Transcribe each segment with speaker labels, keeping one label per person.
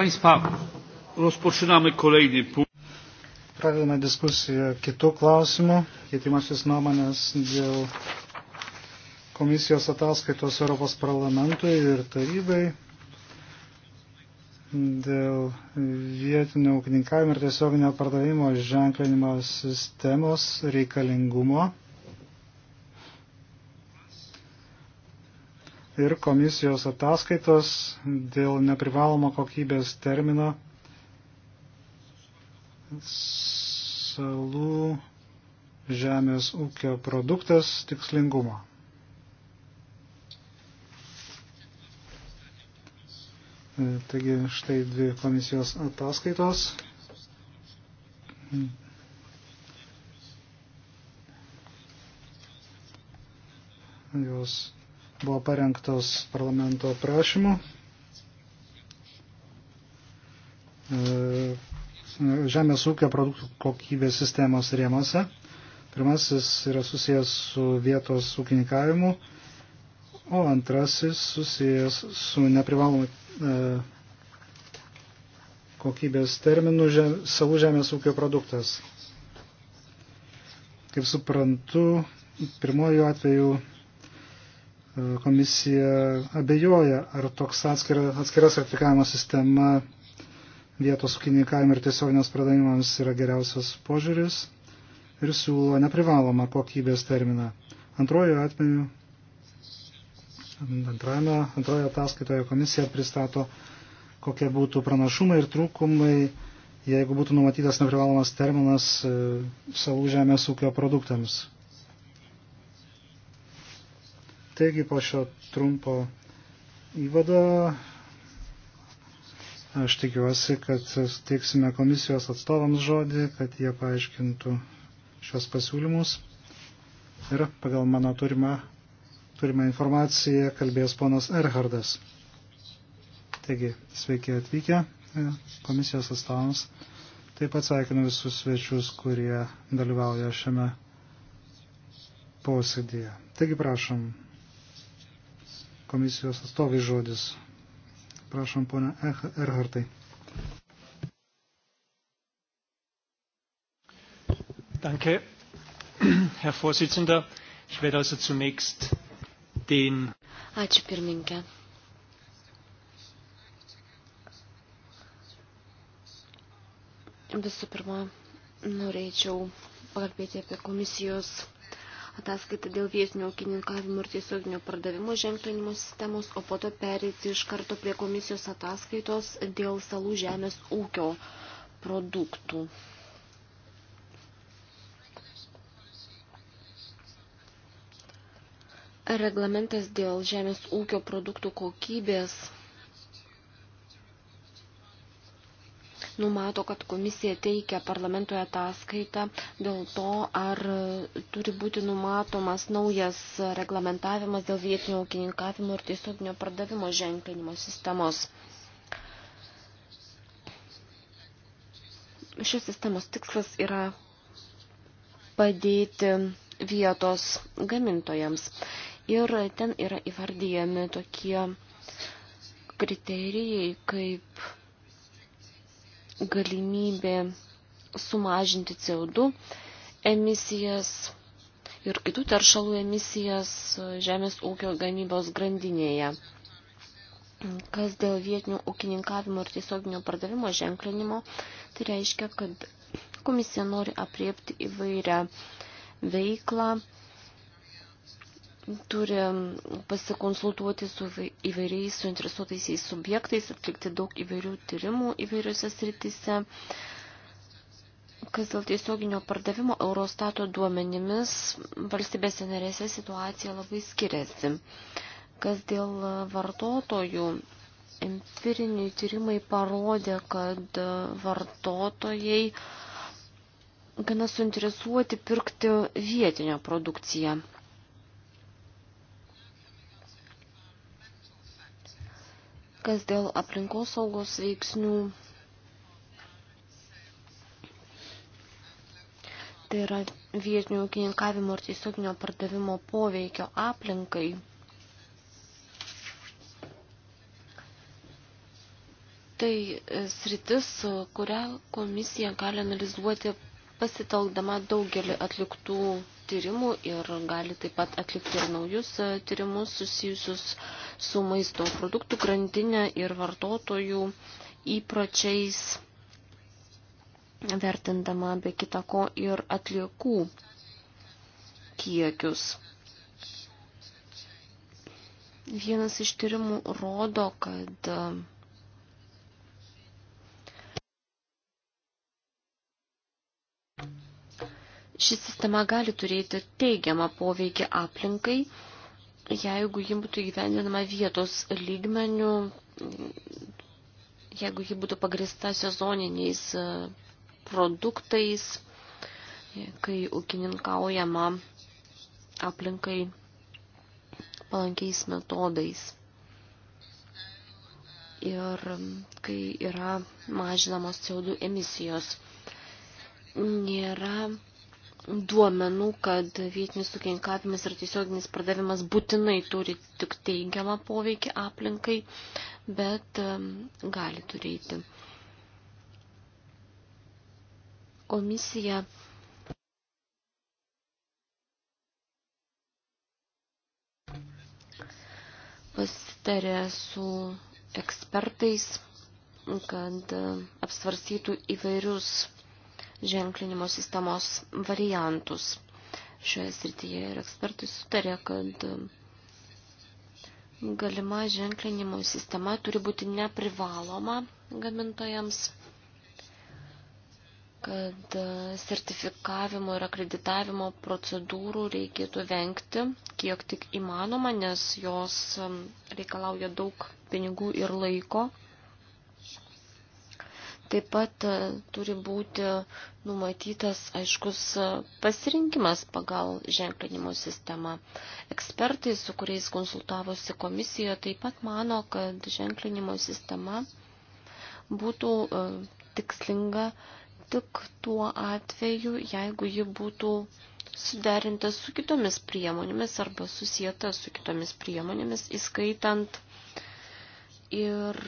Speaker 1: Państwa, rozpoczynamy kolejny punkt. Pradedame diskusiją kitų klausimų, keitimasis nuomonės dėl komisijos ataskaitos Europos parlamentui ir tarybai dėl vietinio ūkininkavimo ir tiesioginio pardavimo ženklinimo sistemos reikalingumo ir komisijos ataskaitos dėl neprivalomo kokybės termino salų žemės ūkio produktas tikslingumo. Taigi štai dvi komisijos ataskaitos. Jos buvo parengtos parlamento prašymu. E, žemės ūkio produktų kokybės sistemos rėmose. Pirmasis yra susijęs su vietos ūkininkavimu, o antrasis susijęs su neprivalomu e, kokybės terminų žem, savų žemės ūkio produktas. Kaip suprantu, pirmojų atveju komisija abejoja, ar toks atskira, atskira sertifikavimo sistema vietos ūkininkavim ir tiesioginiams pradavimams yra geriausias požiūris ir siūlo neprivalomą kokybės terminą. Antrojo atveju, antrame, antroje ataskaitoje komisija pristato, kokie būtų pranašumai ir trūkumai, jeigu būtų numatytas neprivalomas terminas e, savų žemės ūkio produktams. Taigi po šio trumpo įvado aš tikiuosi, kad teiksime komisijos atstovams žodį, kad jie paaiškintų šios pasiūlymus. Ir pagal mano turimą, turimą informaciją kalbės ponas Erhardas. Taigi, sveiki atvykę e, komisijos atstovams. Taip pat sveikinu visus svečius, kurie dalyvauja šiame posėdėje. Taigi prašom komisijos atstovai žodis. Prašom, ponia Erhartai. Danke, Herr Vorsitzender. Ich werde also zunächst den.
Speaker 2: Ačiū pirmininkė. Visų pirma, norėčiau pakalbėti apie komisijos ataskaitą dėl vietinio ūkininkavimo ir tiesioginio pardavimo ženklinimo sistemos, o po to pereiti iš karto prie komisijos ataskaitos dėl salų žemės ūkio produktų. Reglamentas dėl žemės ūkio produktų kokybės numato, kad komisija teikia parlamentoje ataskaitą dėl to, ar turi būti numatomas naujas reglamentavimas dėl vietinio ūkininkavimo ir tiesioginio pardavimo ženklinimo sistemos. Šios sistemos tikslas yra padėti vietos gamintojams. Ir ten yra įvardyjami tokie kriterijai kaip galimybė sumažinti CO2 emisijas ir kitų teršalų emisijas žemės ūkio gamybos grandinėje. Kas dėl vietinių ūkininkavimo ir tiesioginio pardavimo ženklinimo, tai reiškia, kad komisija nori apriepti įvairią veiklą turi pasikonsultuoti su įvairiais suinteresuotaisiais subjektais, atlikti daug įvairių tyrimų įvairiose srityse. Kas dėl tiesioginio pardavimo Eurostato duomenimis valstybėse narėse situacija labai skiriasi. Kas dėl vartotojų, empiriniai tyrimai parodė, kad vartotojai gana suinteresuoti pirkti vietinę produkciją Kas dėl aplinkos saugos veiksnių, tai yra vietinio ūkininkavimo ir tiesioginio pardavimo poveikio aplinkai. Tai sritis, kurią komisija gali analizuoti pasitelkdama daugelį atliktų tyrimų ir gali taip pat atlikti ir naujus e, tyrimus susijusius su maisto produktų grandinė ir vartotojų įpročiais, vertindama be kitako ir atliekų kiekius. Vienas iš tyrimų rodo, kad Ši sistema gali turėti teigiamą poveikį aplinkai, jeigu ji būtų įgyvendinama vietos lygmenių, jeigu ji būtų pagrista sezoniniais e, produktais, kai ūkininkaujama aplinkai palankiais metodais. Ir kai yra mažinamos CO2 emisijos, nėra duomenų, kad vietinis sukinkavimas ir tiesioginis pardavimas būtinai turi tik teigiamą poveikį aplinkai, bet gali turėti. Komisija pasitarė su ekspertais, kad apsvarstytų įvairius ženklinimo sistemos variantus. Šioje srityje ir ekspertai sutarė, kad galima ženklinimo sistema turi būti neprivaloma gamintojams kad sertifikavimo ir akreditavimo procedūrų reikėtų vengti, kiek tik įmanoma, nes jos reikalauja daug pinigų ir laiko. Taip pat e, turi būti numatytas aiškus e, pasirinkimas pagal ženklinimo sistemą. Ekspertai, su kuriais konsultavosi komisijoje, taip pat mano, kad ženklinimo sistema būtų e, tikslinga tik tuo atveju, jeigu ji būtų suderinta su kitomis priemonėmis arba susijęta su kitomis priemonėmis, įskaitant ir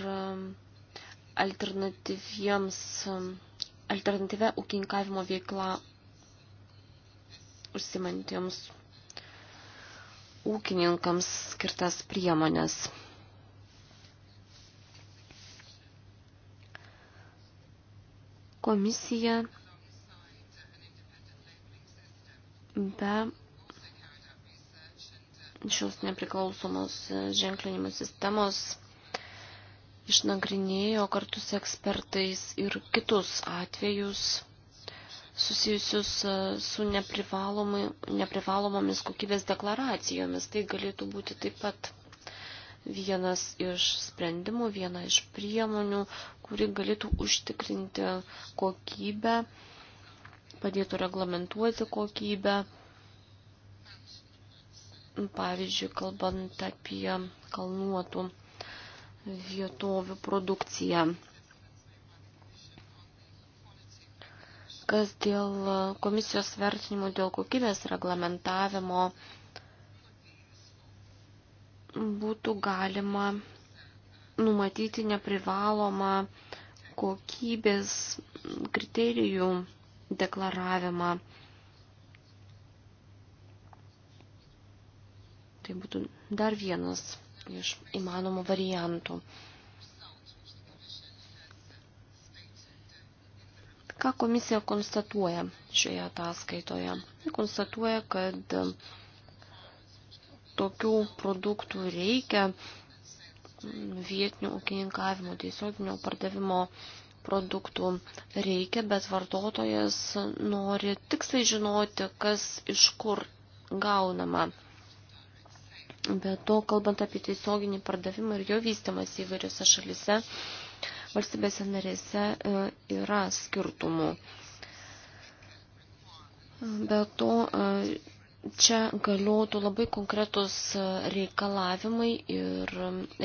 Speaker 2: alternatyviems, um, alternatyvę ūkininkavimo veiklą užsimantiems ūkininkams skirtas priemonės. Komisija be šios nepriklausomos ženklinimo sistemos išnagrinėjo kartu su ekspertais ir kitus atvejus susijusius e, su neprivalomomis kokybės deklaracijomis. Tai galėtų būti taip pat vienas iš sprendimų, viena iš priemonių, kuri galėtų užtikrinti kokybę, padėtų reglamentuoti kokybę. Pavyzdžiui, kalbant apie kalnuotų vietovių produkciją. Kas dėl komisijos vertinimų dėl kokybės reglamentavimo būtų galima numatyti neprivalomą kokybės kriterijų deklaravimą. Tai būtų dar vienas iš įmanomų variantų. Ką komisija konstatuoja šioje ataskaitoje? Konstatuoja, kad tokių produktų reikia vietinių ūkininkavimo, tiesioginio pardavimo produktų reikia, bet vartotojas nori tiksliai žinoti, kas iš kur gaunama. Be to, kalbant apie tiesioginį pardavimą ir jo vystimas įvairiose šalise, valstybėse narėse e, yra skirtumų. Be to, e, čia galiotų labai konkretus e, reikalavimai ir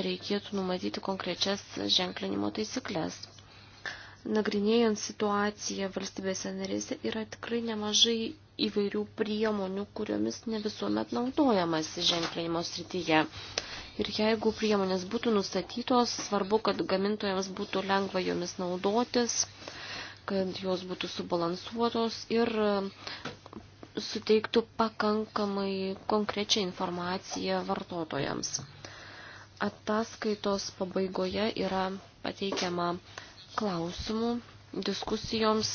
Speaker 2: reikėtų numatyti konkrečias ženklinimo taisyklės nagrinėjant situaciją valstybėse narėse yra tikrai nemažai įvairių priemonių, kuriomis ne visuomet naudojamas ženklinimo srityje. Ir jeigu priemonės būtų nustatytos, svarbu, kad gamintojams būtų lengva jomis naudotis, kad jos būtų subalansuotos ir suteiktų pakankamai konkrečią informaciją vartotojams. Ataskaitos pabaigoje yra pateikiama uh, klausimų diskusijoms,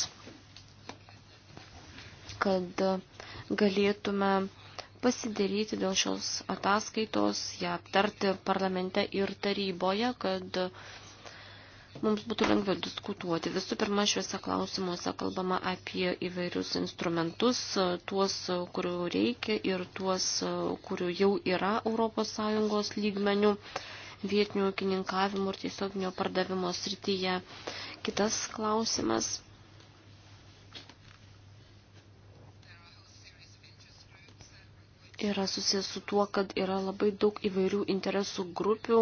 Speaker 2: kad galėtume pasidaryti dėl šios ataskaitos, ją aptarti parlamente ir taryboje, kad mums būtų lengviau diskutuoti. Visų pirma, šiuose klausimuose kalbama apie įvairius instrumentus, tuos, kurių reikia ir tuos, kurių jau yra ES lygmenių vietinių ūkininkavimo ir tiesioginio pardavimo srityje. Kitas klausimas. Yra susijęs su tuo, kad yra labai daug įvairių interesų grupių,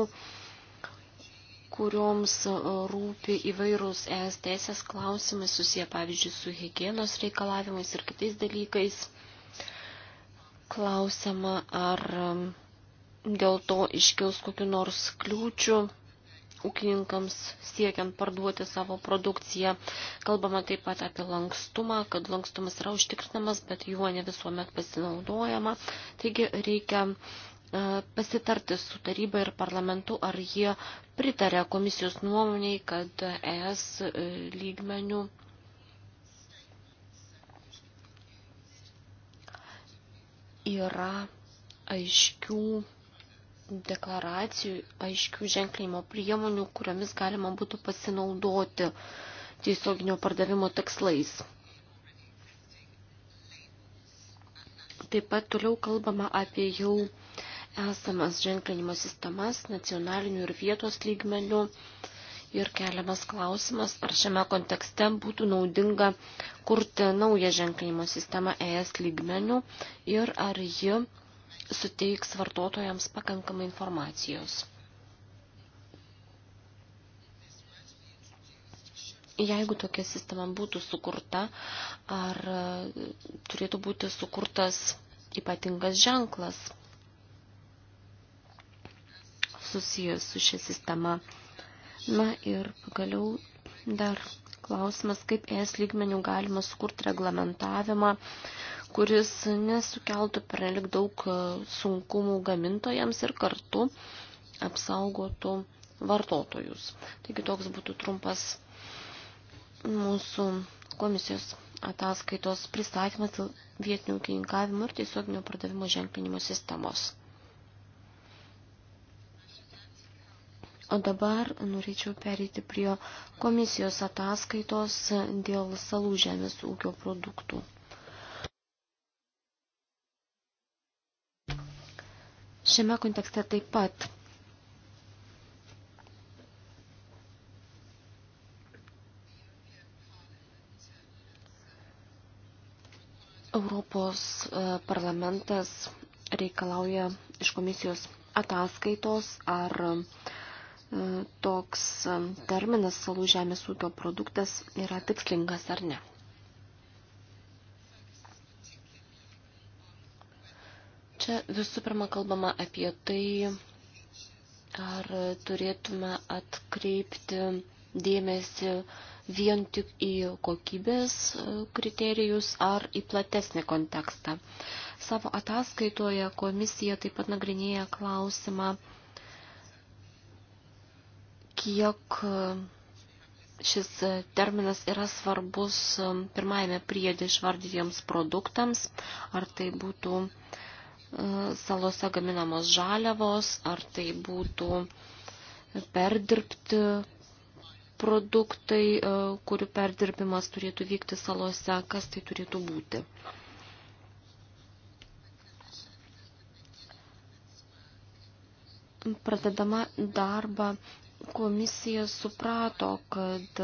Speaker 2: kurioms e, rūpi įvairūs ES teisės klausimai susiję, pavyzdžiui, su hygienos reikalavimais ir kitais dalykais. Klausima, ar dėl to iškils kokiu nors kliūčių ūkininkams siekiant parduoti savo produkciją. Kalbama taip pat apie lankstumą, kad lankstumas yra užtikrinamas, bet juo ne visuomet pasinaudojama. Taigi reikia e, pasitarti su taryba ir parlamentu, ar jie pritarė komisijos nuomoniai, kad ES e, lygmenių yra aiškių deklaracijų, aiškių ženklimo priemonių, kuriomis galima būtų pasinaudoti tiesioginio pardavimo tikslais. Taip pat toliau kalbama apie jau esamas ženklinimo sistemas nacionalinių ir vietos lygmenių ir keliamas klausimas, ar šiame kontekste būtų naudinga kurti naują ženklinimo sistemą ES lygmenių ir ar ji suteiks vartotojams pakankamai informacijos. Jeigu tokia sistema būtų sukurta, ar e, turėtų būti sukurtas ypatingas ženklas susijęs su šia sistema. Na ir pagaliau dar klausimas, kaip ES lygmenių galima sukurti reglamentavimą, uh, kuris nesukeltų pernelik daug e, sunkumų gamintojams ir kartu apsaugotų vartotojus. Taigi toks būtų trumpas mūsų komisijos ataskaitos pristatymas dėl vietinių ūkininkavimo ir tiesioginio pardavimo ženklinimo sistemos. O dabar norėčiau pereiti prie komisijos ataskaitos dėl salų žemės ūkio produktų. Šiame kontekste taip pat Europos e, parlamentas reikalauja iš komisijos ataskaitos, ar e, toks e, terminas salų žemės ūkio produktas yra tikslingas ar ne. Čia visų pirma kalbama apie tai, ar turėtume atkreipti dėmesį vien tik į kokybės kriterijus ar į platesnį kontekstą. Savo ataskaitoje komisija taip pat nagrinėja klausimą, kiek šis terminas yra svarbus pirmajame priedė išvardytiems produktams, ar tai būtų uh, salose gaminamos žaliavos, ar tai būtų perdirbti produktai, e, kurių perdirbimas turėtų vykti salose, kas tai turėtų būti. Pradedama darbą komisija suprato, kad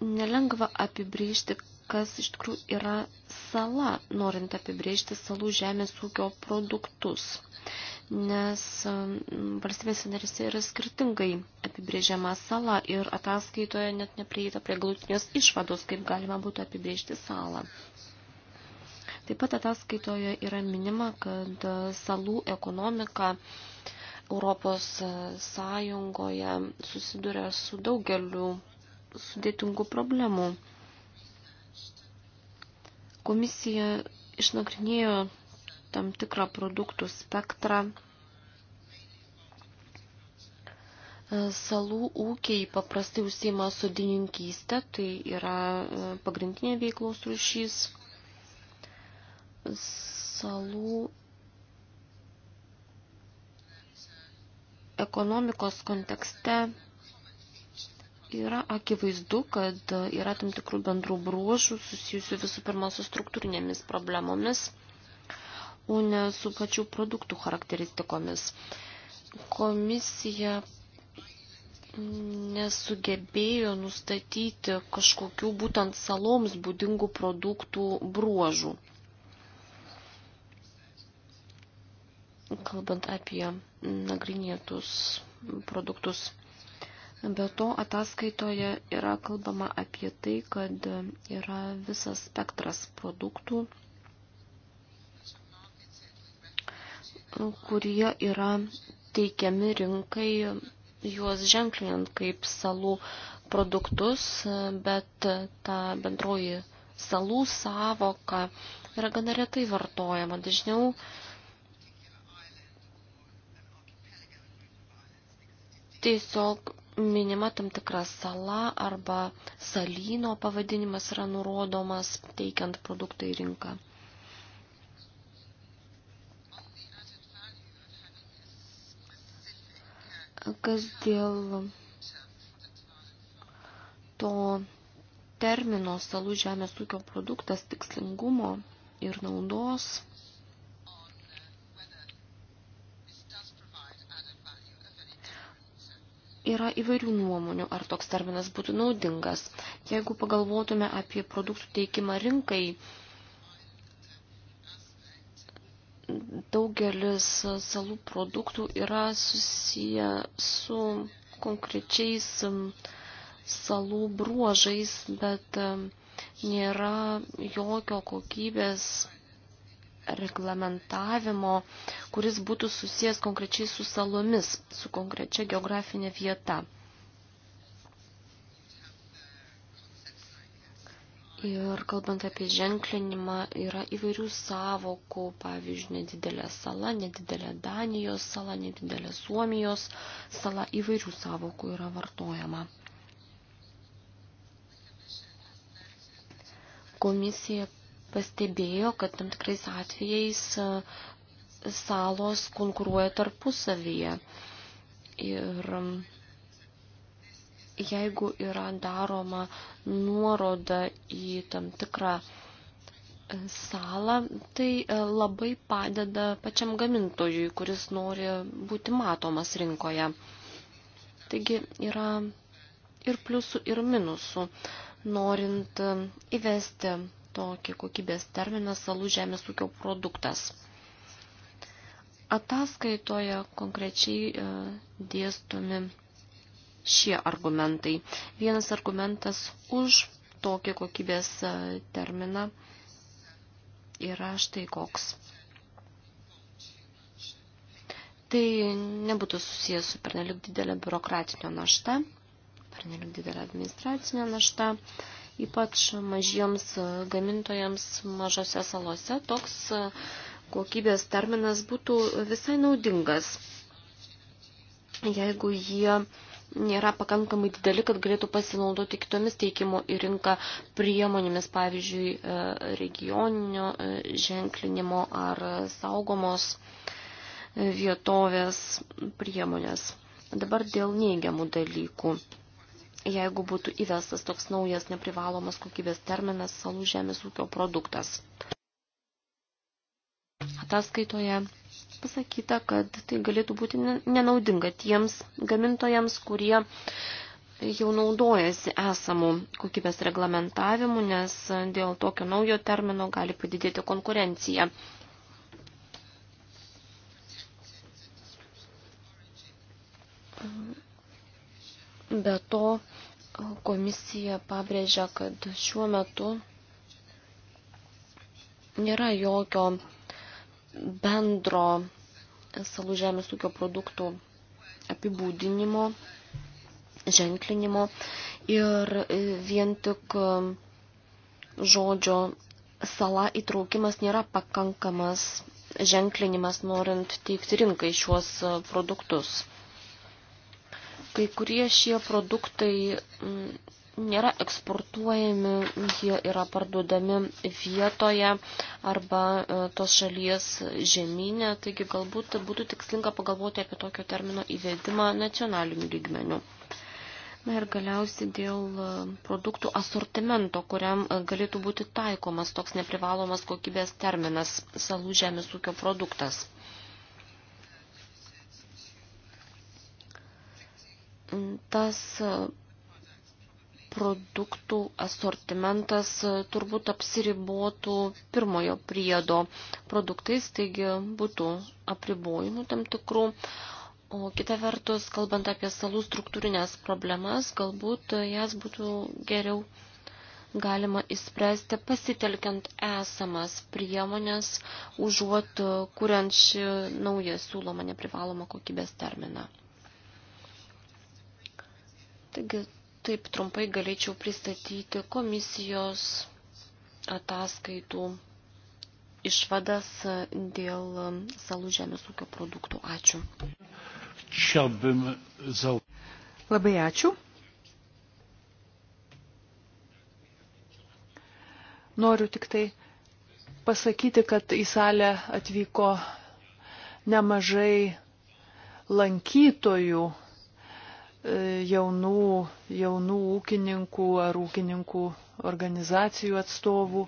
Speaker 2: nelengva apibrėžti, kas iš tikrųjų yra sala, norint apibrėžti salų žemės ūkio produktus. Nes um, valstybės narėse yra skirtingai apibrėžiama sala ir ataskaitoje net neprieita prie galutinės išvados, kaip galima būtų apibrėžti salą. Taip pat ataskaitoje yra minima, kad uh, salų ekonomika Europos uh, Sąjungoje susiduria su daugeliu sudėtingų problemų. Komisija išnagrinėjo tam tikrą produktų spektrą. Salų ūkiai paprastai užsima sodininkystę, tai yra e, pagrindinė veiklos rušys. Salų ekonomikos kontekste yra akivaizdu, kad yra tam tikrų bendrų bruožų susijusių visų pirma su struktūrinėmis problemomis, o ne su pačių produktų charakteristikomis. Komisija nesugebėjo nustatyti kažkokių būtent saloms būdingų produktų bruožų. Kalbant apie nagrinėtus produktus. Be to ataskaitoje yra kalbama apie tai, kad yra visas spektras produktų, kurie yra teikiami rinkai, juos ženklinant kaip salų produktus, bet ta bendroji salų savoka yra gana retai vartojama. Dažniau tiesiog minima tam tikra sala arba salyno pavadinimas yra nurodomas teikiant produktą į rinką. Kas dėl to termino salų žemės ūkio produktas tikslingumo ir naudos yra įvairių nuomonių, ar toks terminas būtų naudingas. Jeigu pagalvotume apie produktų teikimą rinkai, daugelis salų produktų yra susiję su konkrečiais um, salų bruožais, bet um, nėra jokio kokybės reglamentavimo, kuris būtų susijęs konkrečiai su salomis, su konkrečia geografinė vieta. Ir kalbant apie ženklinimą, yra įvairių savokų, pavyzdžiui, nedidelė sala, nedidelė Danijos sala, nedidelė Suomijos sala, įvairių savokų yra vartojama. Komisija pastebėjo, kad tam tikrais atvejais e, salos konkuruoja tarpusavyje. Ir e, jeigu yra daroma nuoroda į tam tikrą e, salą, tai labai padeda pačiam gamintojui, kuris nori būti matomas rinkoje. Taigi yra ir pliusų, ir minusų, norint įvesti tokį kokybės terminą salų žemės ūkio produktas. Ataskaitoje konkrečiai e, dėstomi šie argumentai. Vienas argumentas už tokį kokybės e, terminą yra štai koks. Tai nebūtų susijęs su pernelik didelė biurokratinio našta, pernelik didelė administracinė našta. Uh, ypač mažiems e, gamintojams mažose salose. Toks e, kokybės terminas būtų visai naudingas, jeigu jie nėra pakankamai dideli, kad galėtų pasinaudoti kitomis teikimo į rinką priemonėmis, pavyzdžiui, e, regioninio ženklinimo ar saugomos vietovės priemonės. Dabar dėl neigiamų dalykų jeigu būtų įvestas toks naujas neprivalomas kokybės terminas salų žemės ūkio produktas. Ataskaitoje pasakyta, kad tai galėtų būti nenaudinga tiems gamintojams, kurie jau naudojasi esamų kokybės reglamentavimu, nes dėl tokio naujo termino gali padidėti konkurencija. Be to, Komisija pabrėžia, kad šiuo metu nėra jokio bendro salų žemės ūkio produktų apibūdinimo, ženklinimo ir vien tik žodžio sala įtraukimas nėra pakankamas ženklinimas norint teikti rinkai šiuos produktus. Kai kurie šie produktai mm, nėra eksportuojami, jie yra parduodami vietoje arba e, tos šalies žemynė, taigi galbūt būtų tikslinga pagalvoti apie tokio termino įvedimą nacionaliniu lygmeniu. Na ir galiausiai dėl e, produktų asortimento, kuriam e, galėtų būti taikomas toks neprivalomas kokybės terminas salų žemės ūkio produktas. tas e, produktų asortimentas e, turbūt apsiribotų pirmojo priedo produktais, taigi būtų apribojimų tam tikrų. O kita vertus, kalbant apie salų struktūrinės problemas, galbūt jas būtų geriau galima įspręsti pasitelkiant esamas priemonės, užuot kuriant šį naują siūlomą neprivalomą kokybės terminą. Taigi taip trumpai galėčiau pristatyti komisijos ataskaitų išvadas dėl salų žemės ūkio produktų. Ačiū.
Speaker 3: Labai ačiū. Noriu tik tai pasakyti, kad į salę atvyko nemažai lankytojų jaunų, jaunų ūkininkų ar ūkininkų organizacijų atstovų.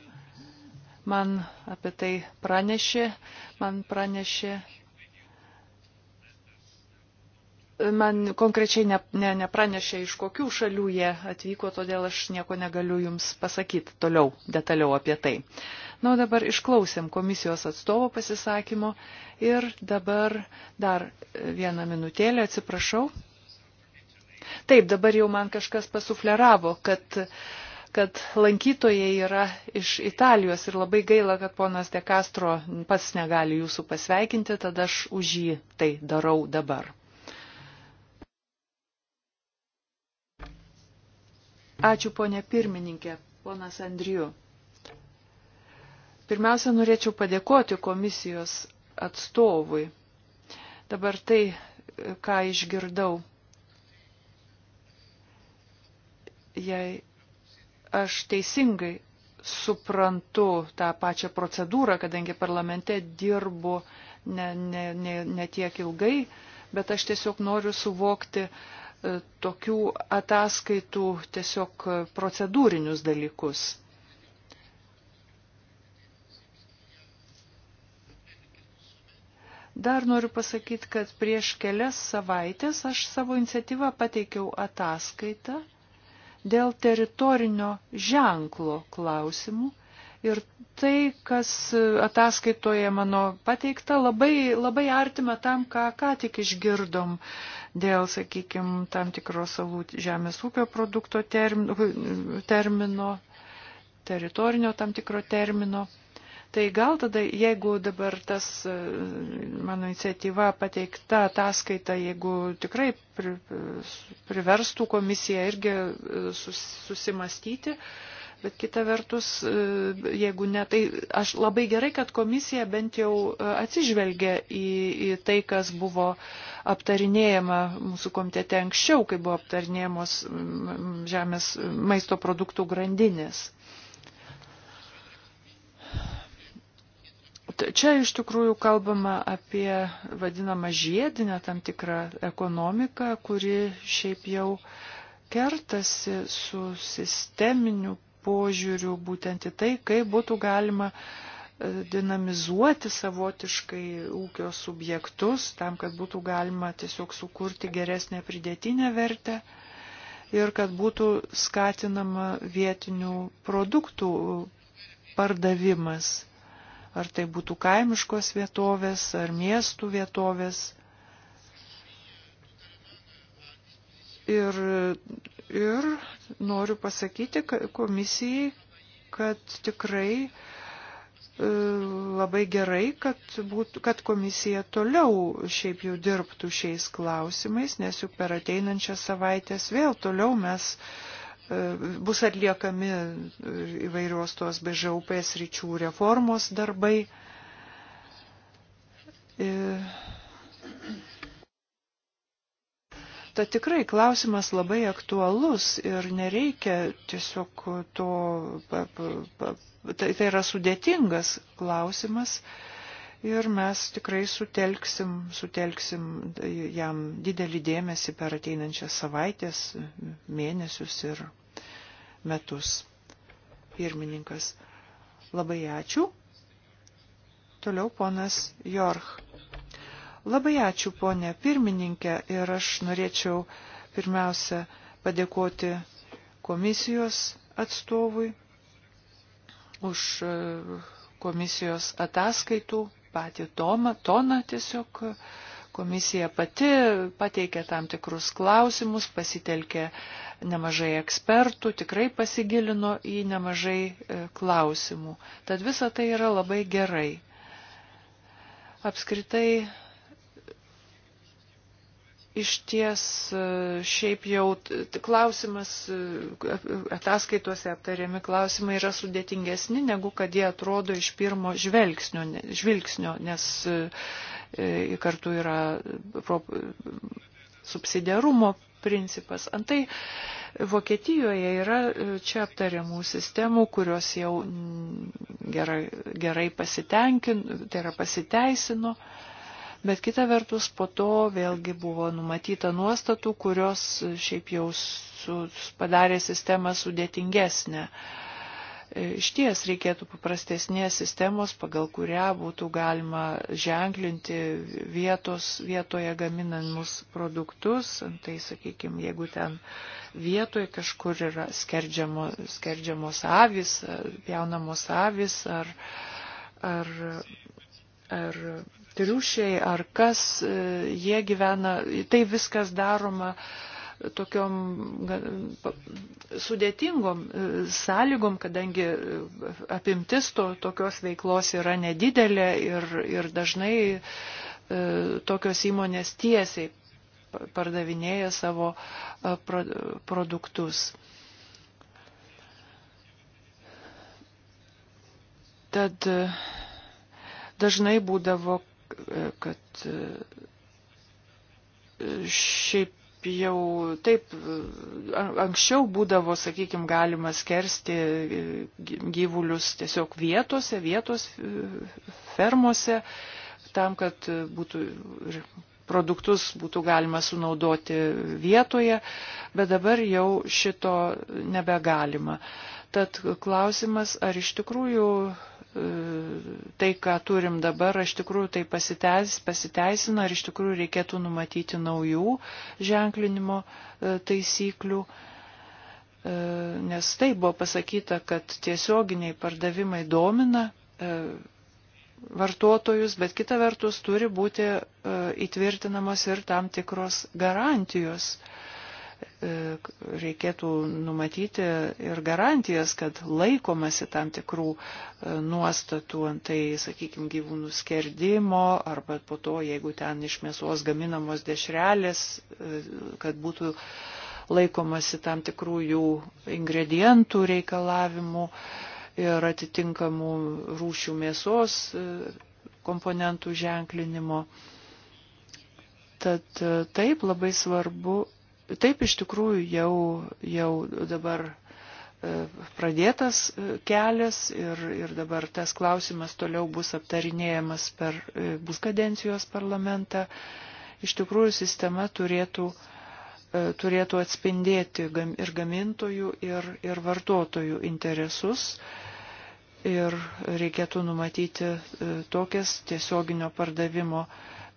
Speaker 3: Man apie tai pranešė, man pranešė, man konkrečiai ne, ne, nepranešė, iš kokių šalių jie atvyko, todėl aš nieko negaliu jums pasakyti toliau, detaliau apie tai. Na, o dabar išklausėm komisijos atstovo pasisakymo ir dabar dar vieną minutėlę atsiprašau. Taip, dabar jau man kažkas pasufleravo, kad, kad lankytojai yra iš Italijos ir labai gaila, kad ponas De Castro pats negali jūsų pasveikinti, tada aš už jį tai darau dabar. Ačiū, ponė pirmininkė, ponas Andriju. Pirmiausia, norėčiau padėkoti komisijos atstovui. Dabar tai, ką išgirdau jei aš teisingai suprantu tą pačią procedūrą, kadangi parlamente dirbu ne, ne, ne, ne tiek ilgai, bet aš tiesiog noriu suvokti e, tokių ataskaitų tiesiog procedūrinius dalykus. Dar noriu pasakyti, kad prieš kelias savaitės aš savo iniciatyvą pateikiau ataskaitą dėl teritorinio ženklo klausimų. Ir tai, kas ataskaitoje mano pateikta, labai, labai artima tam, ką ką tik išgirdom dėl, sakykime, tam tikros salų žemės ūkio produkto termino, termino, teritorinio tam tikro termino. Tai gal tada, jeigu dabar tas e, mano iniciatyva pateikta ataskaita, jeigu tikrai pri, priverstų komisiją irgi e, sus, susimastyti, bet kita vertus, e, jeigu ne, tai aš labai gerai, kad komisija bent jau atsižvelgia į, į tai, kas buvo aptarinėjama mūsų komitete anksčiau, kai buvo aptarinėjamos žemės maisto produktų grandinės. Bet čia iš tikrųjų kalbama apie vadinamą žiedinę tam tikrą ekonomiką, kuri šiaip jau kertasi su sisteminiu požiūriu būtent į tai, kaip būtų galima e, dinamizuoti savotiškai ūkio subjektus, tam, kad būtų galima tiesiog sukurti geresnę pridėtinę vertę ir kad būtų skatinama vietinių produktų pardavimas ar tai būtų kaimiškos vietovės, ar miestų vietovės. Ir, ir noriu pasakyti komisijai, kad tikrai e, labai gerai, kad, būtų, kad komisija toliau šiaip jau dirbtų šiais klausimais, nes juk per ateinančią savaitę vėl toliau mes uh, bus atliekami įvairios tos BŽUP sričių reformos darbai. E, Tad tikrai klausimas labai aktualus ir nereikia tiesiog to, tai, tai yra sudėtingas klausimas ir mes tikrai sutelksim, sutelksim jam didelį dėmesį per ateinančias savaitės, mėnesius ir metus. Pirmininkas. Labai ačiū. Toliau ponas Jorg. Labai ačiū, ponė pirmininkė, ir aš norėčiau pirmiausia padėkoti komisijos atstovui už e, komisijos ataskaitų patį tomą, toną tiesiog. Komisija pati pateikė tam tikrus klausimus, pasitelkė uh, nemažai ekspertų, tikrai pasigilino į nemažai e, klausimų. Tad visa tai yra labai gerai. Apskritai iš ties e, šiaip jau klausimas, e, ataskaituose aptariami klausimai yra sudėtingesni, negu kad jie atrodo iš pirmo žvilgsnio, žvilgsnio nes kartu yra subsidiarumo principas. Antai Vokietijoje yra e, čia aptariamų sistemų, kurios jau mm, gerai, gerai pasitenkin, tai yra pasiteisino. Bet kita vertus, po to vėlgi buvo numatyta nuostatų, kurios e, šiaip jau padarė sistemą sudėtingesnę. Uh, E, Šties reikėtų paprastesnės sistemos, pagal kurią būtų galima ženklinti vietos, vietoje gaminamus produktus. Tai, sakykime, jeigu ten vietoje kažkur yra skerdžiamo, skerdžiamos avis, e, jaunamos avis ar, ar, ar triušiai, ar kas, e, jie gyvena, tai viskas daroma tokiom sudėtingom e, sąlygom, kadangi e, apimtis to, tokios veiklos yra nedidelė ir, ir dažnai e, tokios įmonės tiesiai pardavinėja savo produktus. Tad dažnai būdavo, kad šiaip jau taip anksčiau būdavo, sakykime, galima skersti e, gyvulius tiesiog vietose, vietos e, fermose, tam, kad e, būtų ir produktus būtų galima sunaudoti vietoje, bet dabar jau šito nebegalima. Tad klausimas, ar iš tikrųjų tai, ką turim dabar, iš tikrųjų tai pasiteis, pasiteisina, ar iš tikrųjų reikėtų numatyti naujų ženklinimo e, taisyklių, e, nes tai buvo pasakyta, kad tiesioginiai pardavimai domina e, vartotojus, bet kita vertus turi būti įtvirtinamos ir tam tikros garantijos. Uh, E, reikėtų numatyti ir garantijas, kad laikomasi tam tikrų e, nuostatų, tai, sakykime, gyvūnų skerdimo, arba po to, jeigu ten iš mėsos gaminamos dešrelės, e, kad būtų laikomasi tam tikrų jų ingredientų reikalavimų ir atitinkamų rūšių mėsos komponentų ženklinimo. Tad taip labai svarbu Taip iš tikrųjų jau, jau dabar e, pradėtas e, kelias ir, ir dabar tas klausimas toliau bus aptarinėjamas per e, bus kadencijos parlamentą. Iš tikrųjų sistema turėtų, turėtų atspindėti ir gamintojų, ir, ir vartotojų interesus. Ir reikėtų numatyti tokias tiesioginio pardavimo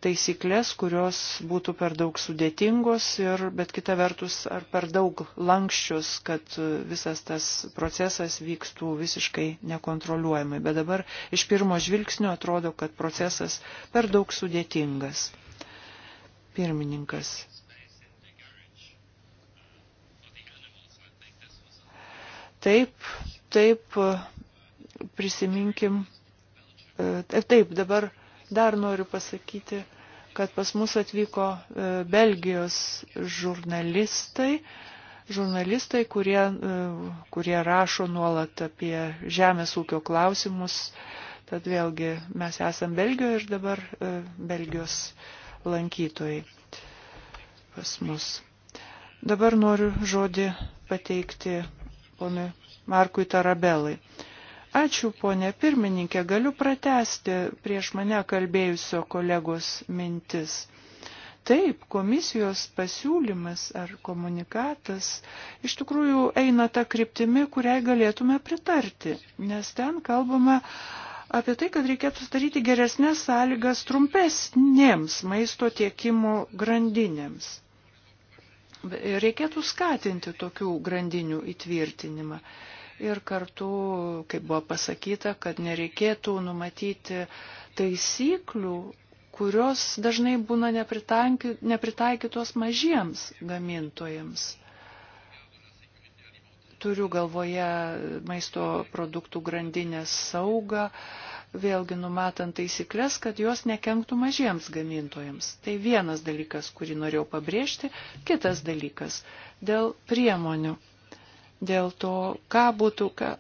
Speaker 3: taisyklės, kurios būtų per daug sudėtingos ir, bet kita vertus, ar per daug lankščius, kad e, visas tas procesas vyktų visiškai nekontroliuojamai. Bet dabar iš pirmo žvilgsnio atrodo, kad procesas per daug sudėtingas. Pirmininkas. Taip, taip, e, prisiminkim. E, taip, dabar Dar noriu pasakyti, kad pas mus atvyko e, Belgijos žurnalistai, žurnalistai, kurie, e, kurie rašo nuolat apie žemės ūkio klausimus. Tad vėlgi mes esam Belgijoje ir dabar e, Belgijos lankytojai pas mus. Dabar noriu žodį pateikti ponui Markui Tarabelai. Ačiū, ponė pirmininkė, galiu pratesti prieš mane kalbėjusio kolegos mintis. Taip, komisijos pasiūlymas ar komunikatas iš tikrųjų eina tą kryptimį, kuriai galėtume pritarti, nes ten kalbama apie tai, kad reikėtų sudaryti geresnės sąlygas trumpesnėms maisto tiekimo grandinėms. Reikėtų skatinti tokių grandinių įtvirtinimą ir kartu, kaip buvo pasakyta, kad nereikėtų numatyti taisyklių, kurios dažnai būna nepritaikytos mažiems gamintojams turiu galvoje maisto produktų grandinės saugą, vėlgi numatant taisyklės, kad jos nekenktų mažiems gamintojams. Tai vienas dalykas, kurį norėjau pabrėžti. Kitas dalykas - dėl priemonių dėl to, ką būtų, ką,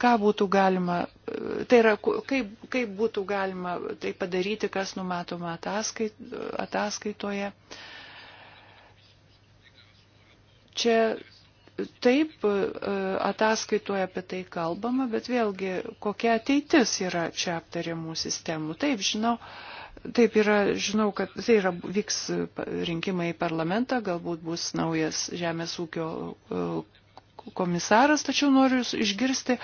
Speaker 3: ką būtų galima, tai yra, kaip, kaip būtų galima tai padaryti, kas numatoma ataskait, ataskaitoje. Čia taip e, ataskaitoje apie tai kalbama, bet vėlgi, kokia ateitis yra čia aptariamų sistemų. Taip, žinau, Taip yra, žinau, kad tai yra, vyks rinkimai į parlamentą, galbūt bus naujas žemės ūkio e, komisaras, tačiau noriu išgirsti,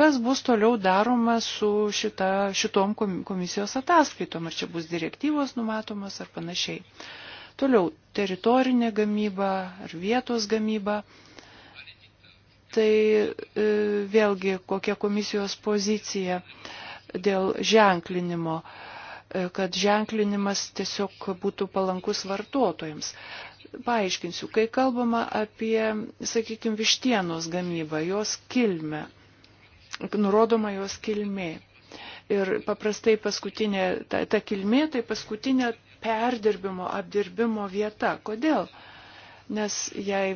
Speaker 3: kas bus toliau daroma su šita, šitom komisijos ataskaitom, ar čia bus direktyvos numatomas ar panašiai. Toliau, teritorinė gamyba ar vietos gamyba. Tai e, vėlgi kokia komisijos pozicija dėl ženklinimo. E, E, kad ženklinimas tiesiog būtų palankus vartotojams. Paaiškinsiu, kai kalbama apie, sakykime, vištienos gamybą, jos kilmę, nurodoma jos kilmė. Ir paprastai paskutinė, ta, ta kilmė tai paskutinė perdirbimo, apdirbimo vieta. Kodėl? nes jei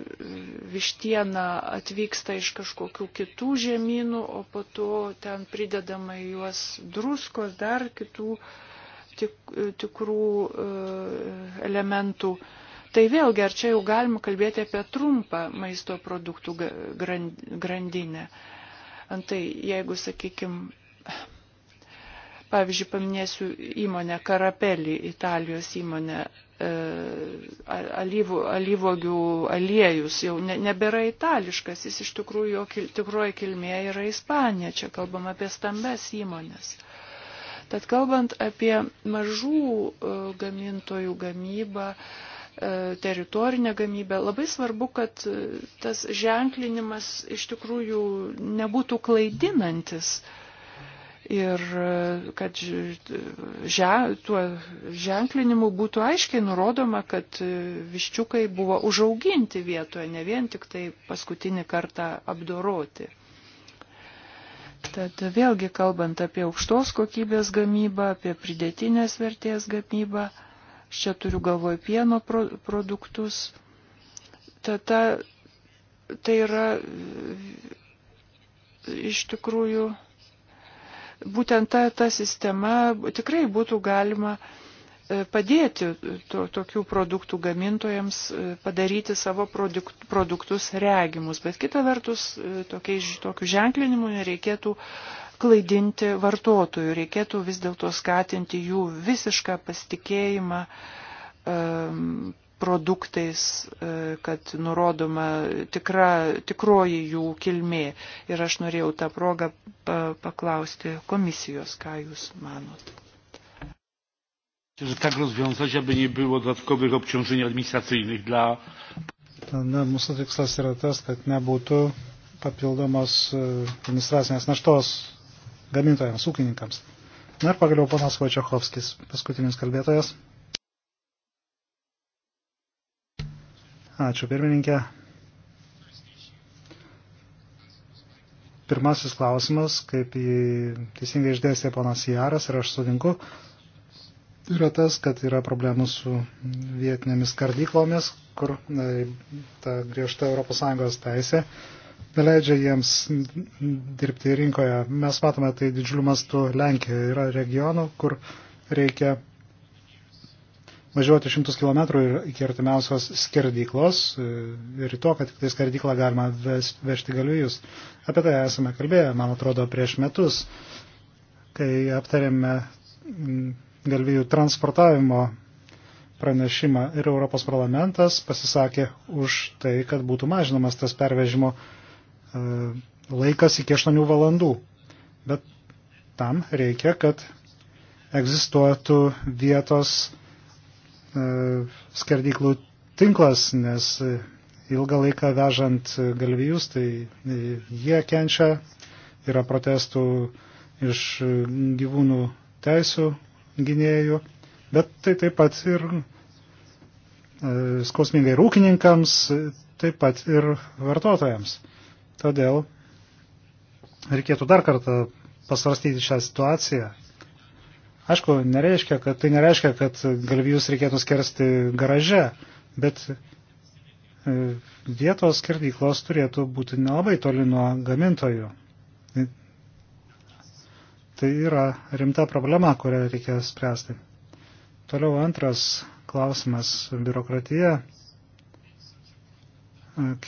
Speaker 3: vištiena atvyksta iš kažkokių kitų žemynų, o po to ten pridedama juos druskos, dar kitų tik, tikrų e, elementų. Tai vėlgi, ar čia jau galima kalbėti apie trumpą maisto produktų grandinę. Antai, jeigu, sakykime, pavyzdžiui, paminėsiu įmonę Karapelį, Italijos įmonę, e, alyvų, alyvogių aliejus jau ne, nebėra itališkas, jis iš tikrųjų jo kil, tikroji kilmė yra Ispanija, čia kalbam apie stambes įmonės. Tad kalbant apie mažų e, gamintojų gamybą, e, teritorinę gamybę, labai svarbu, kad e, tas ženklinimas iš tikrųjų nebūtų klaidinantis ir kad žen, tuo ženklinimu būtų aiškiai nurodoma, kad viščiukai buvo užauginti vietoje, ne vien tik tai paskutinį kartą apdoroti. Tad vėlgi kalbant apie aukštos kokybės gamybą, apie pridėtinės vertės gamybą, čia turiu galvoje pieno pro, produktus, tad ta, tai yra iš tikrųjų būtent ta, ta sistema tikrai būtų galima uh, E, padėti to, tokių produktų gamintojams e, padaryti savo produkt, produktus regimus. Bet kita vertus, e, tokiais, tokiu ženklinimu nereikėtų klaidinti vartotojų, reikėtų vis dėlto skatinti jų visišką pasitikėjimą um, produktais, kad nurodoma tikra, tikroji jų kilmė. Ir aš norėjau tą progą paklausti komisijos, ką jūs
Speaker 1: manot. Čia, tak rozwiązać, aby nie było dodatkowych obciążeń administracyjnych dla. Na, mūsų tikslas yra tas, kad nebūtų papildomos e, administracinės naštos gamintojams, ūkininkams. Na ir pagaliau panas Vačiachovskis, paskutinis kalbėtojas. Ačiū pirmininkė. Pirmasis klausimas, kaip jį teisingai išdėstė ponas Jaras ir aš sutinku, yra tas, kad yra problemų su vietinėmis kardyklomis, kur na, ta griežta ES teisė neleidžia jiems dirbti rinkoje. Mes matome tai didžiuliu mastu Lenkijoje. Yra regionų, kur reikia važiuoti šimtus kilometrų iki artimiausios skerdyklos ir to, kad tik tai skerdyklą galima vežti galvijus. Apie tai esame kalbėję, man atrodo, prieš metus, kai aptarėme galvijų transportavimo pranešimą ir Europos parlamentas pasisakė už tai, kad būtų mažinamas tas pervežimo e, laikas iki 8 valandų. Bet tam reikia, kad egzistuotų vietos e, skerdyklų tinklas, nes ilgą laiką vežant galvijus, tai jie kenčia, yra protestų iš gyvūnų teisų gynėjų, bet tai taip pat ir e, skausmingai ir ūkininkams, taip pat ir vartotojams. Todėl reikėtų dar kartą pasvarstyti šią situaciją. Aišku, nereiškia, kad, tai nereiškia, kad galvijus reikėtų skersti garaže, bet e, vietos skerdyklos turėtų būti nelabai toli nuo gamintojų. Tai yra rimta problema, kurią reikia spręsti. Toliau antras klausimas - biurokratija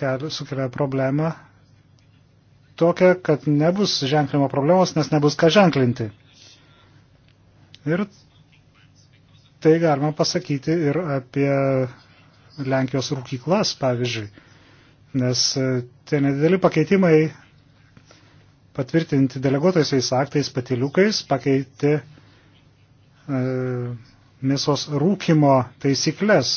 Speaker 1: e, sukelia problemą tokią, kad nebus ženklimo problemos, nes nebus ką ženklinti. Ir tai galima pasakyti ir apie Lenkijos rūkyklas, pavyzdžiui, nes e, tie nedideli pakeitimai patvirtinti deleguotaisiais aktais patiliukais pakeitė e, mėsos rūkimo taisyklės.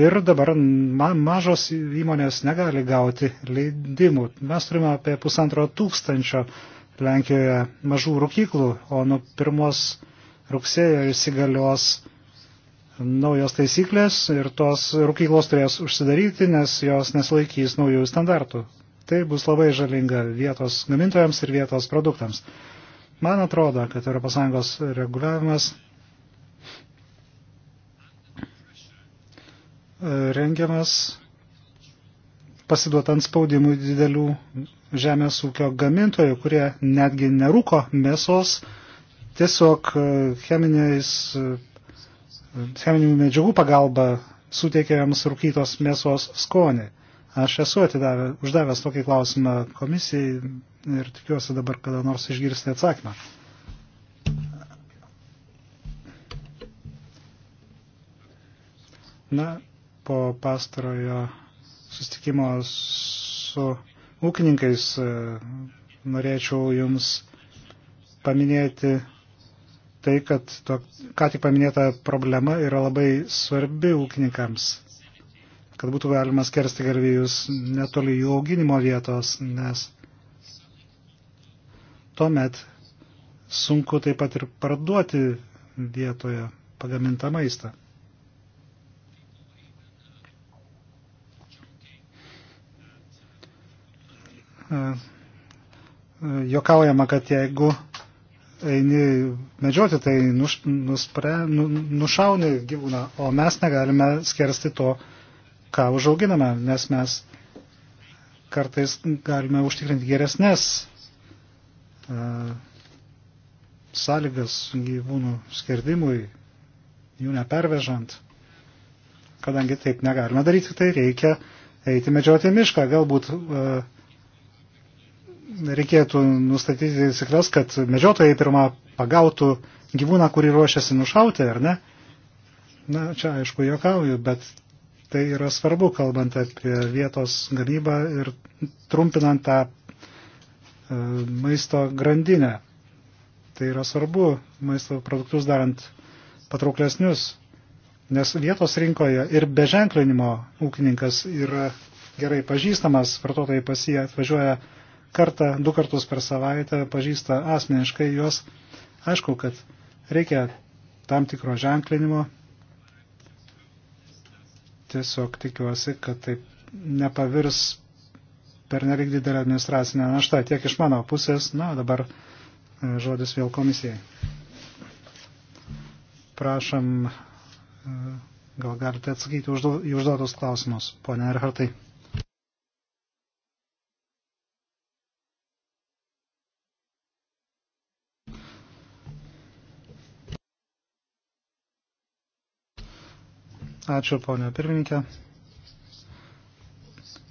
Speaker 1: Ir dabar ma mažos įmonės negali gauti leidimų. Mes turime apie pusantro tūkstančio Lenkijoje mažų rūkyklų, o nuo pirmos rugsėjo įsigalios naujos taisyklės ir tos rūkyklos turės užsidaryti, nes jos nesilaikys naujų standartų. Tai bus labai žalinga vietos gamintojams ir vietos produktams. Man atrodo, kad ES reguliavimas e, rengiamas pasiduotant spaudimui didelių žemės ūkio gamintojų, kurie netgi nerūko mėsos, tiesiog e, cheminiais, e, cheminių medžiagų pagalba suteikė jiems rūkytos mėsos skonį. Aš esu atidavę, uždavęs tokį klausimą komisijai ir tikiuosi dabar kada nors išgirsti atsakymą. Na, po pastarojo sustikimo su ūkininkais e, norėčiau Jums paminėti tai, kad to, ką tik paminėta problema yra labai svarbi ūkininkams kad būtų galima skersti galvijus netoli jų auginimo vietos, nes tuomet sunku taip pat ir parduoti vietoje pagamintą maistą. E, e, Jokaujama, kad jeigu eini medžioti, tai nuspre, nu, nušauni gyvūną, o mes negalime skersti to ką užauginame, nes mes kartais galime užtikrinti geresnės uh, sąlygas gyvūnų skerdimui, jų nepervežant. Kadangi taip negalime daryti, tai reikia eiti medžioti mišką. Galbūt uh, reikėtų nustatyti taisyklės, kad medžiotojai pirmą pagautų gyvūną, kurį ruošiasi nušauti, ar ne? Na, čia aišku, jokauju, bet Tai yra svarbu, kalbant apie vietos gamybą ir trumpinant tą e, maisto grandinę. Tai yra svarbu maisto produktus darant patrauklesnius, nes vietos rinkoje ir be ženklinimo ūkininkas yra gerai pažįstamas, vartotojai pas jį atvažiuoja kartą, du kartus per savaitę, pažįsta asmeniškai juos. Aišku, kad reikia tam tikro ženklinimo tiesiog tikiuosi, kad taip nepavirs per nelik didelę administracinę naštą tiek iš mano pusės. Na, dabar e, žodis vėl komisijai. Prašom, e, gal galite atsakyti į užduotus klausimus, ponia Erhartai. Ačiū, ponė pirmininkė.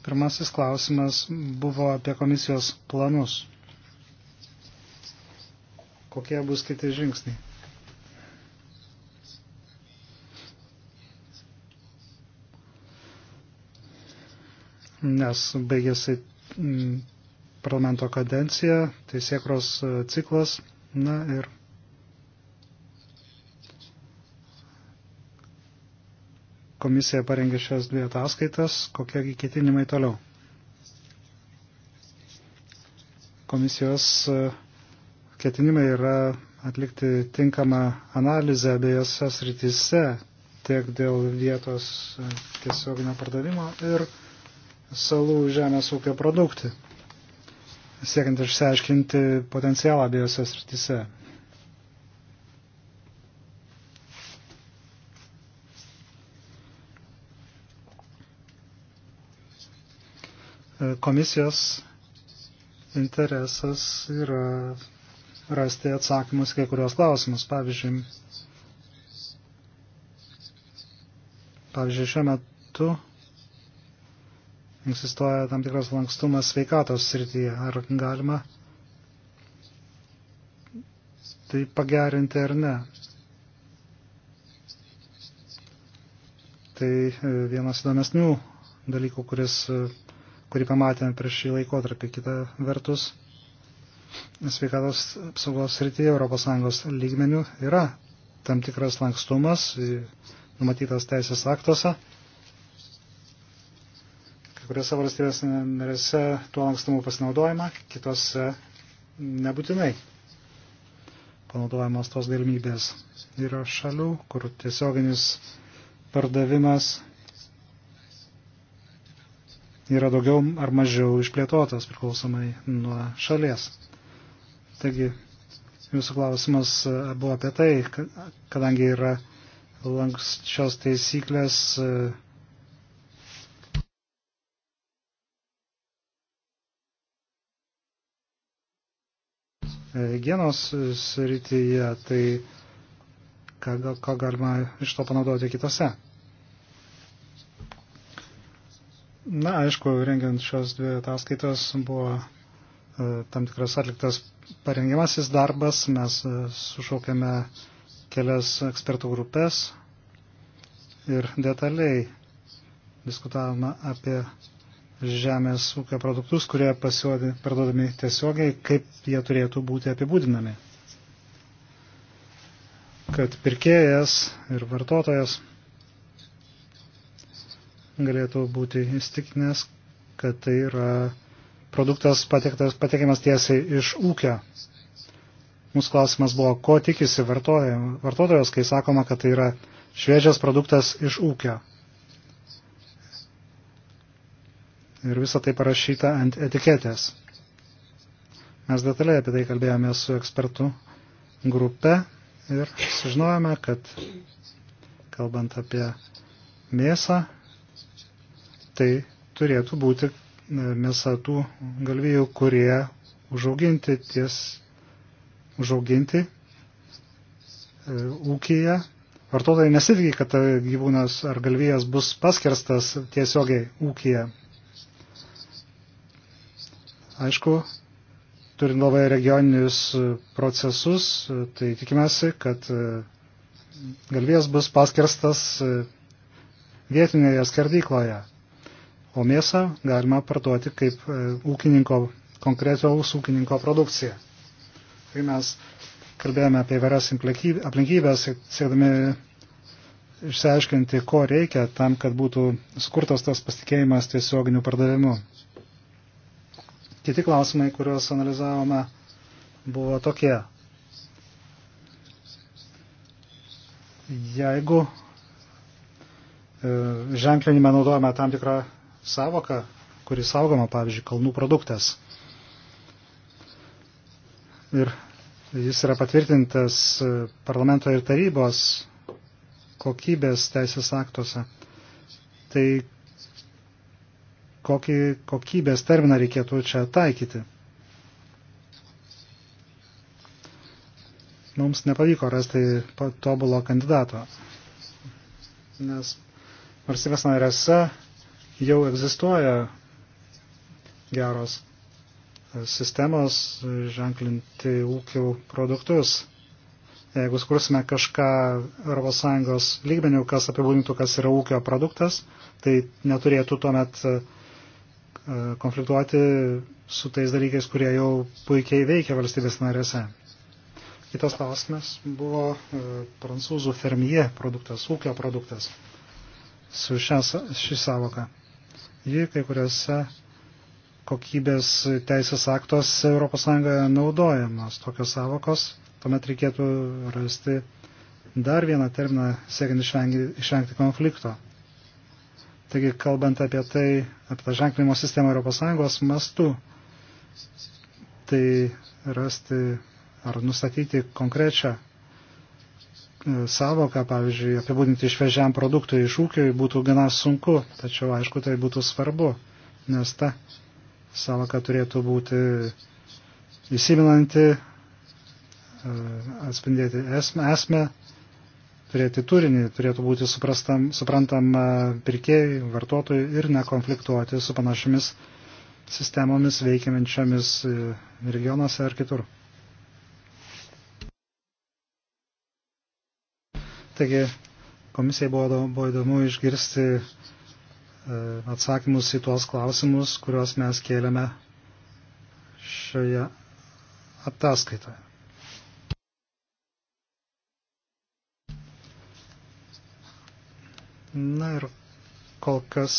Speaker 1: Pirmasis klausimas buvo apie komisijos planus. Kokie bus kiti žingsniai? Nes baigėsi mm, parlamento kadencija, teisėkros e, ciklas, na ir komisija parengė šias dvi ataskaitas, kokie ketinimai toliau. Komisijos e, ketinimai yra atlikti tinkamą analizę abiejose srityse, tiek dėl vietos e, tiesioginio pardavimo ir salų žemės ūkio produktų, siekiant išsiaiškinti potencialą abiejose srityse. E, komisijos interesas yra rasti atsakymus kai kurios klausimus. Pavyzdžiui, pavyzdžiui šiuo metu egzistuoja tam tikras lankstumas sveikatos srityje. Ar galima tai pagerinti ar ne? Tai e, vienas įdomesnių dalykų, kuris e, kurį pamatėme prieš šį laikotarpį. Kita vertus, sveikatos apsaugos srityje ES lygmenių yra tam tikras lankstumas numatytas teisės aktuose. Kai kuriuose valstybės narėse tuo lankstumu pasinaudojama, kitose nebūtinai panaudojamos tos galimybės. Yra šalių, kur tiesioginis pardavimas yra daugiau ar mažiau išplėtotas priklausomai nuo šalies. Taigi, jūsų klausimas e, buvo apie tai, kadangi yra lankščios taisyklės. E, Hygienos srityje, tai ką, ką galima iš to panaudoti kitose. Na, aišku, rengiant šios dvi ataskaitos buvo e, tam tikras atliktas parengiamasis darbas. Mes e, sušaukėme kelias ekspertų grupės ir detaliai diskutavome apie žemės ūkio produktus, kurie pasiodė, parduodami tiesiogiai, kaip jie turėtų būti apibūdinami. Kad pirkėjas ir vartotojas galėtų būti įstikinęs, kad tai yra produktas patekimas tiesiai iš ūkio. Mūsų klausimas buvo, ko tikisi vartotojas, kai sakoma, kad tai yra šviežias produktas iš ūkio. Ir visą tai parašyta ant etiketės. Mes detaliai apie tai kalbėjome su ekspertų grupe ir sužinojome, kad kalbant apie mėsą, tai turėtų būti e, mesatų galvijų, kurie užauginti ties užauginti e, ūkyje. Vartotojai nesitikė, kad gyvūnas ar galvijas bus paskirstas tiesiogiai ūkyje. Aišku, turint labai regioninius procesus, e, tai tikimasi, kad galvijas bus paskirstas vietinėje skerdykloje o mėsą galima parduoti kaip e, ūkininko, konkretiaus ūkininko produkciją. Tai mes kalbėjome apie įvairias aplinkybės, siekdami išsiaiškinti, ko reikia tam, kad būtų skurtas tas pasitikėjimas tiesioginių pardavimų. Kiti klausimai, kuriuos analizavome, buvo tokie. Jeigu e, ženklinime naudojame tam tikrą savoka, kuri saugoma, pavyzdžiui, kalnų produktas. Ir jis yra patvirtintas e, parlamento ir tarybos kokybės teisės aktuose. Tai kokį kokybės terminą reikėtų čia taikyti? Mums nepavyko rasti tobulo kandidato, nes valstybės narėse jau egzistuoja geros sistemos ženklinti ūkių produktus. Jeigu skursime kažką ES lygmenių, kas apibūdintų, kas yra ūkio produktas, tai neturėtų tuomet e, konfliktuoti su tais dalykais, kurie jau puikiai veikia valstybės narėse. Kitas klausimas buvo e, prancūzų fermie produktas, ūkio produktas su šia, šį savoką. Ji kai kuriuose kokybės teisės aktos ES naudojamos tokios savokos. Tuomet reikėtų rasti dar vieną terminą, siekiant išvengti, išvengti konflikto. Taigi, kalbant apie tai, apie tą ženklinimo sistemą ES mastu, tai rasti ar nustatyti konkrečią savoką, pavyzdžiui, apibūdinti išvežiam produktui iš ūkio būtų gana sunku, tačiau aišku, tai būtų svarbu, nes ta savoka turėtų būti įsiminanti, e, atspindėti esmę, esmę turėti turinį, turėtų būti suprastam, suprantama e, pirkėjai, vartotojai ir nekonfliktuoti su panašiamis sistemomis veikiaminčiamis e, regionuose ar kitur. Taigi komisijai buvo, buvo įdomu išgirsti e, atsakymus į tuos klausimus, kuriuos mes kėlėme šioje ataskaitoje. Na ir kol kas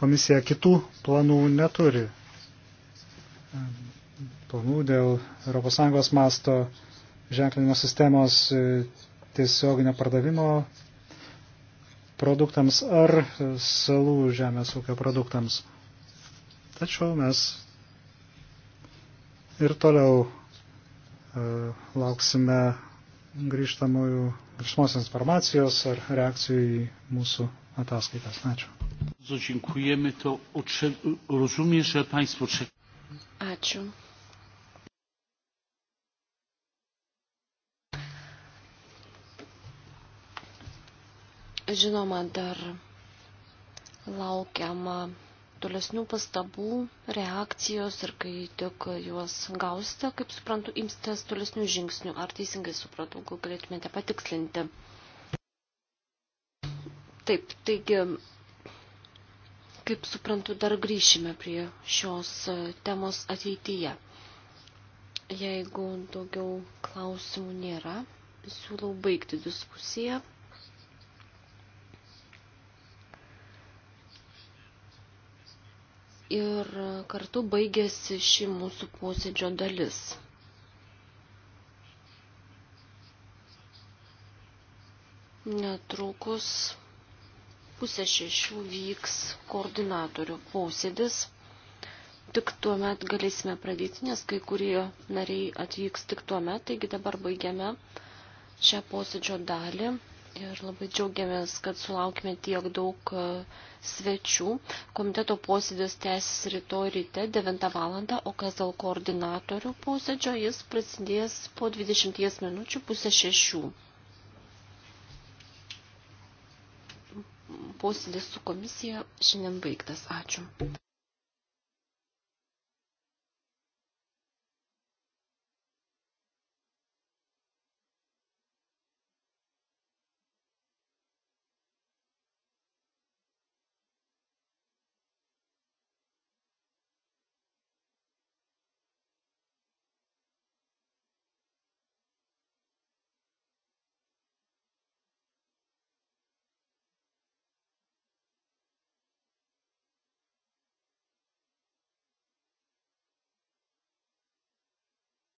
Speaker 1: komisija kitų planų neturi. E, planų dėl ES masto ženklinimo sistemos e, tiesioginio pardavimo produktams ar salų žemės ūkio produktams. Tačiau mes ir toliau e, lauksime grįžtamųjų grįžtamosios informacijos ar reakcijų į mūsų ataskaitas. Ačiū.
Speaker 2: Ačiū. Žinoma, dar laukiama tolesnių pastabų, reakcijos ir kai tik juos gausite, kaip suprantu, imsitės tolesnių žingsnių. Ar teisingai supratau, gal galėtumėte patikslinti? Taip, taigi, kaip suprantu, dar grįšime prie šios temos ateityje. Jeigu daugiau klausimų nėra, siūlau baigti diskusiją. ir kartu baigėsi ši mūsų posėdžio dalis. Netrukus pusę šešių vyks koordinatorių posėdis. Tik tuo met galėsime pradėti, nes kai kurie nariai atvyks tik tuo met, taigi dabar baigiame šią posėdžio dalį ir labai džiaugiamės, kad sulaukime tiek daug e, svečių. Komiteto posėdis tęsis rytoj ryte 9 val. o kas dėl koordinatorių posėdžio, jis prasidės po 20 minučių pusę šešių. Posėdis su komisija šiandien baigtas. Ačiū.